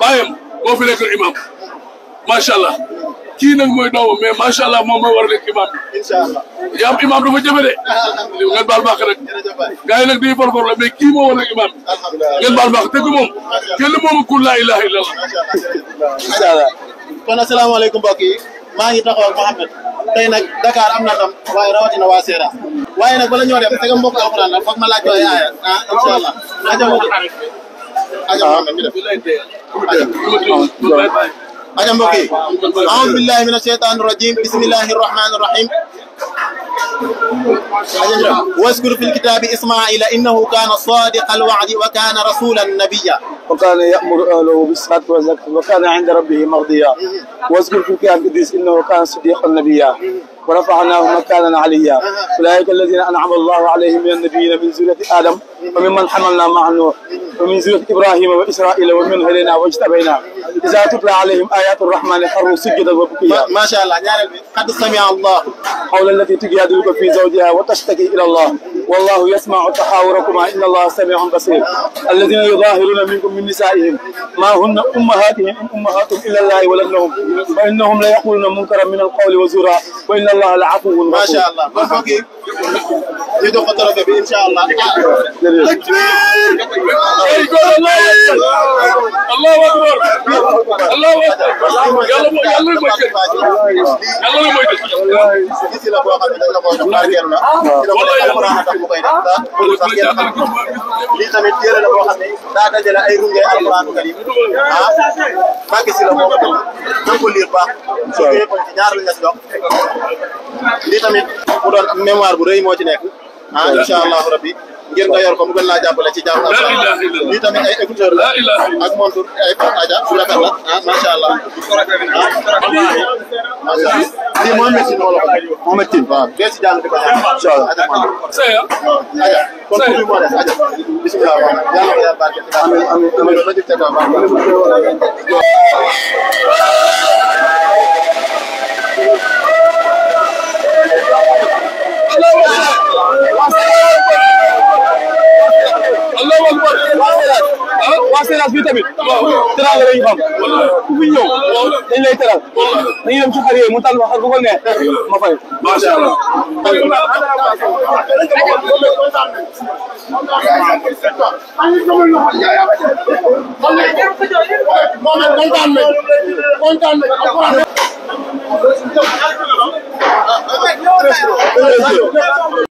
bàyyam moo fi nekk imam macha allah kii nag mooy doomam mais macha allah moom mooy war a nekk imam bi. incha allah yaa am imam dafa jëfe de. alhamdulilah ngeen baal baax rek. gars yi nag dañuy for for la mais kii moo war a nekk imam bi. alhamdulilah ngeen baal baax dëgg moom. kenn moomu ku laa ilaha illallah. incha allah kon asalaamaaleykum mbokk yi. maa ngi taxaw ak Mouhamed nag Dakar am na ndam waaye rawatina waa Seera waaye nag bala ñoo dem sega mbokk alxuraan la foog ma laaj waaye aaya ah incha allah aja aja mbokk yi aoudu billahi min asheytan irajim bismillahi irrahmani irrahim واذكر في الكتاب إسماعيل إنه كان صادق الوعد وكان رسولا نبيا وكان يأمر أهله بالصلاة والزكاة وكان عند ربه مرضيا واذكر في الكتاب إدريس إنه كان صديقا نبيا ورفعناه مكانا عليا أولئك الذين أنعم الله عليهم من النبيين من ذرية آدم وممن حملنا مع نوح ومن ذرية إبراهيم وإسرائيل ومن هدينا واجتبينا إذا تتلى عليهم آيات الرحمن خروا سجدا وبكيا ما شاء الله قد سمع الله قول التي تجادلك في زوجها وتشتكي إلى الله والله يسمع تحاوركما إن الله سميع بصير الذين يظاهرون منكم من نسائهم ما هن أمهاتهم إن أمهاتهم إلا الله ولدنهم وإنهم ليقولون منكرا من القول وزورا وإن الله لعفو ما شاء الله ñu doon ko trophée bi incha allah. jërëjëf. allahu akbar yàlla mooy yàlla mooy kër yàlla mooy kër. gis la boo xam ne dañ la ko jox barkeelu la. wala yàlla mooy kër lii tamit téere la boo xam ne daa dajale ay runge alquran karim ah Mbacké Sylla moo ko bind na ko liir baax. waaw su ci ñaar la ñu si dox. tamit mu bu rëy moo ci nekk ah incha allahu rabbi ngir nga yor ko mu gën laa jàppale ci jaamu alxuraan lii tamit ay écouteur la ak montur ay pot aja su rafet la ah macha allah ah macha allah lii mooy médecine wala ko médecine waaw dee si jàng ko ñaan incha allah aja montur aja kon pour moo def aja bisimilah waaw yàlla ko yàlla barke amiin Seras bi tamit teral la ñu xam ku fi ñëw dañ lay teral dañuy dem ci xar yooyu mu tànn xar bu ko neex ma fay macha allah kontaan nañ kontaan nañ